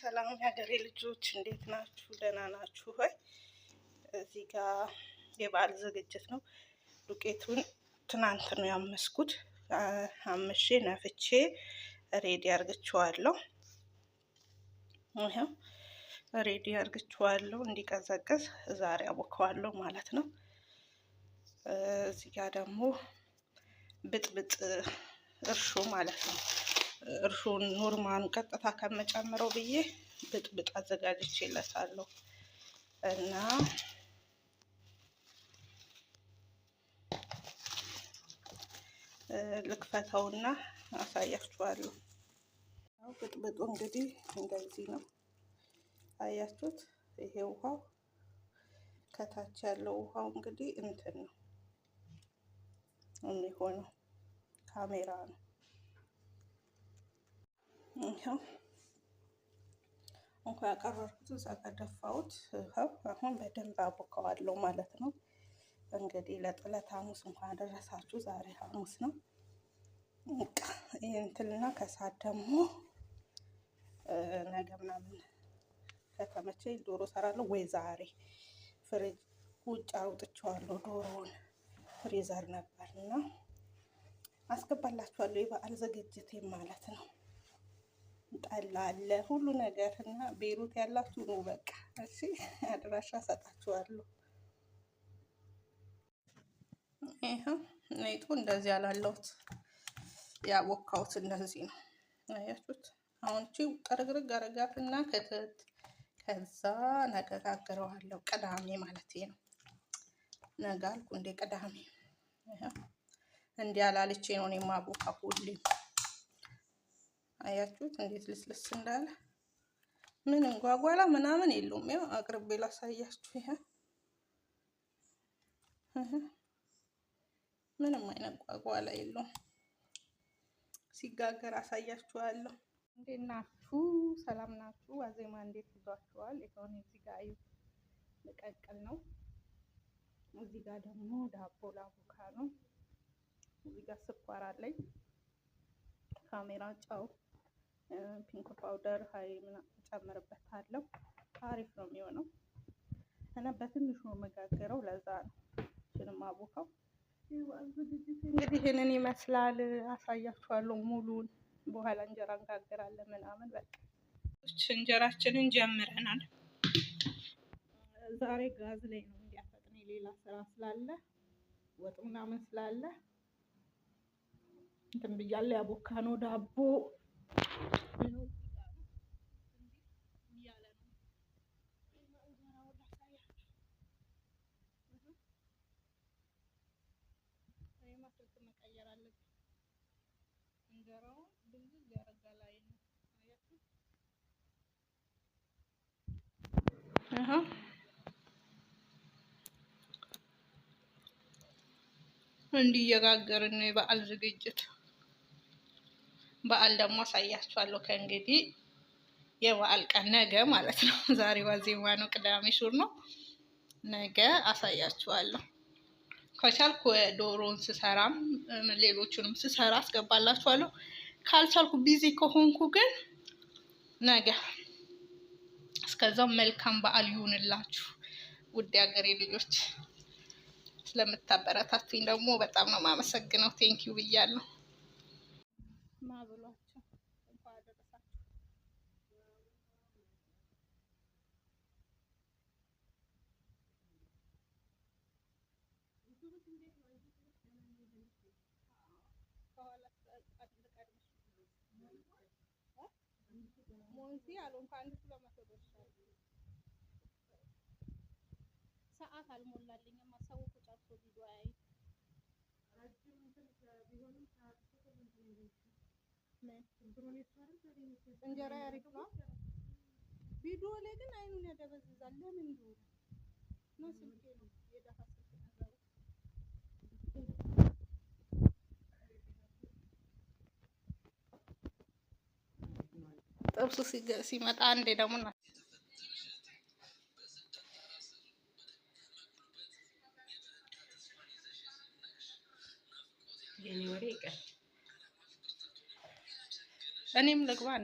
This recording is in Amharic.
ሰላም የሀገሬ ልጆች እንዴት ናችሁ? ደህና ናችሁ ሆይ? እዚህ ጋር የበዓል ዝግጅት ነው። ዱቄቱን ትናንት ነው ያመስኩት። አምሼ ነፍቼ ሬዲ አርግችዋለሁ። ይኸው ሬዲ አርግችዋለሁ እንዲቀዘቅዝ ዛሬ አቦከዋለሁ ማለት ነው። እዚህ ጋር ደግሞ ብጥብጥ እርሾ ማለት ነው እርሾን ኖርማን ቀጥታ ከመጨምረው ብዬ ብጥብጥ አዘጋጅቼ ይለሳለሁ እና ልክፈተውና አሳያችኋለሁ። ብጥብጡ እንግዲህ እንደዚህ ነው። አያችሁት? ይሄ ውሃው ከታች ያለው ውሃው እንግዲህ እንትን ነው የሚሆነው፣ ካሜራ ነው ይኸው እንኳ ያቀረብኩት እዛ ጋር ደፋሁት። ይኸው አሁን በደንብ አቦካዋለሁ ማለት ነው። እንግዲህ ለጥለት ሐሙስ እንኳን ደረሳችሁ። ዛሬ ሐሙስ ነው። ይህንትልና ከሰዓት ደግሞ ነገ ምናምን ከተመቸኝ ዶሮ ሰራለሁ ወይ ዛሬ ፍሪጅ ውጭ አውጥቼዋለሁ። ዶሮውን ፍሪዘር ነበርና አስገባላችኋለሁ። የበዓል ዝግጅቴ ማለት ነው። ጠላ አለ፣ ሁሉ ነገር እና ቤሩት ያላችሁ ነው በቃ እሺ፣ አድራሻ ሰጣችኋለሁ። ይኸው ኔጡ እንደዚህ ያላለሁት ያቦካሁት እንደዚህ ነው አያችሁት አሁን እቺ አረጋት እና ከተት ከዛ ነገ ጋግረዋለሁ። ቅዳሜ ማለት ነው። ነገ አልኩ እንዴ ቅዳሜ እንዲህ አላልቼ ነው እኔ ማቦካ ሁሌም አያችሁት እንዴት ልስልስ እንዳለ። ምንም ጓጓላ ምናምን የለውም። ያው አቅርቤ ላሳያችሁ። ይሄ ምንም አይነት ጓጓላ የለውም። ሲጋገር አሳያችኋለሁ። እንዴት ናችሁ? ሰላም ናችሁ? ዋዜማ እንዴት ይዟችኋል? ይሄውን እዚህ ጋር ልቀቅል ነው። እዚህ ጋር ደግሞ ዳቦ ላቡካ ነው። እዚህ ጋር ስኳር አለኝ። ካሜራ ጫው ፒንክ ፓውደር ሀይ ጨምርበታለሁ። አሪፍ ነው የሚሆነው እና በትንሹ መጋገረው ለዛ ነው እሱንም አቦካው እንግዲህ ይህንን ይመስላል። አሳያችኋለሁ ሙሉን በኋላ እንጀራ እንጋግራለን ምናምን በቃ እንጀራችንን ጀምረናል። ዛሬ ጋዝ ላይ ነው እንዲያፈጥን የሌላ ስራ ስላለ ወጥ ምናምን ስላለ እንትን ብያለሁ። ያቦካ ነው ዳቦ ስልክ መቀየር አለብኝ። እንጀራውን ድንግዝ ላይ ነው እንዲየጋገርን ነው የበዓል ዝግጅት። በዓል ደግሞ አሳያችኋለሁ። ከእንግዲህ የበዓል ቀን ነገ ማለት ነው። ዛሬ ዋዜማ ነው፣ ቅዳሜ ሹር ነው። ነገ አሳያችኋለሁ። ከቻልኩ ዶሮን ስሰራም ሌሎቹንም ስሰራ አስገባላችኋለሁ። ካልቻልኩ ቢዚ ከሆንኩ ግን ነገ። እስከዛው መልካም በዓል ይሁንላችሁ ውድ ሀገሬ ልጆች። ስለምታበረታትኝ ደግሞ በጣም ነው የማመሰግነው። ቴንኪዩ ብያለሁ። ሞንቲ አልሆን ከአንድ ኪሎ መቶ ደርሷል። ሰዓት አልሞላልኝም። ሰው ጨርሶ ቪዲዮ ያይ እንጀራ ያሪፍ ነው። ቪዲዮ ላይ ግን አይኑን ያደበዝዛል። ለምን ነው ስልኬ ነው የደፋ ጥብሱ ሲመጣ አንዴ ደግሞ ና እኔም ልግባ